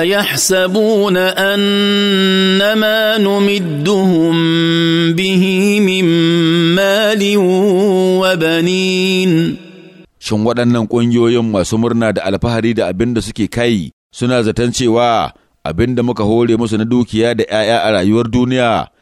ايحسبون انما نمدهم به من مال وبنين shin waɗannan ƙungiyoyin masu murna da alfahari da abin da suke kai suna zaton cewa abin da muka hore musu na dukiya da ‘ya'ya a rayuwar duniya